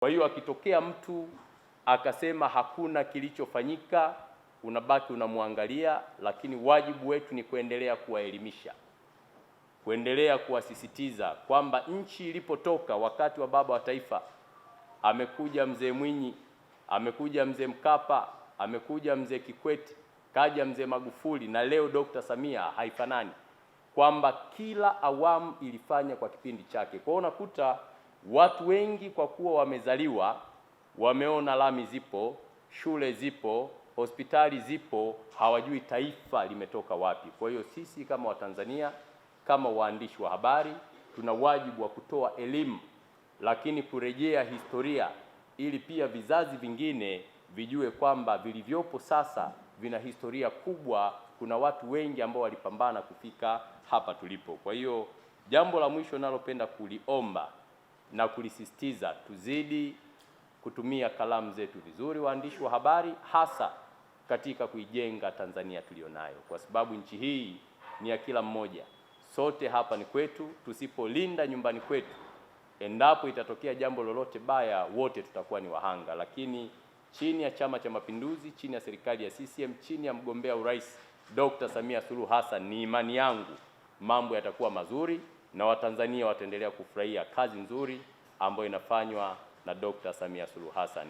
Kwa hiyo akitokea mtu akasema hakuna kilichofanyika, unabaki unamwangalia, lakini wajibu wetu ni kuendelea kuwaelimisha, kuendelea kuwasisitiza kwamba nchi ilipotoka wakati wa baba wa taifa, amekuja mzee Mwinyi, amekuja mzee Mkapa, amekuja mzee Kikwete, kaja mzee Magufuli na leo Dr. Samia, haifanani kwamba kila awamu ilifanya kwa kipindi chake. Kwa hiyo unakuta Watu wengi kwa kuwa wamezaliwa wameona lami zipo, shule zipo, hospitali zipo, hawajui taifa limetoka wapi. Kwa hiyo sisi kama Watanzania, kama waandishi wa habari, tuna wajibu wa kutoa elimu, lakini kurejea historia ili pia vizazi vingine vijue kwamba vilivyopo sasa vina historia kubwa. Kuna watu wengi ambao walipambana kufika hapa tulipo. Kwa hiyo jambo la mwisho nalopenda kuliomba na kulisisitiza tuzidi kutumia kalamu zetu vizuri, waandishi wa habari, hasa katika kuijenga Tanzania tuliyonayo, kwa sababu nchi hii ni ya kila mmoja, sote hapa ni kwetu. Tusipolinda nyumbani kwetu, endapo itatokea jambo lolote baya, wote tutakuwa ni wahanga. Lakini chini ya Chama cha Mapinduzi, chini ya serikali ya CCM, chini ya mgombea urais Dr. Samia Suluhu Hassan, ni imani yangu mambo yatakuwa mazuri na Watanzania wataendelea kufurahia kazi nzuri ambayo inafanywa na Dr. Samia Suluhu Hassan.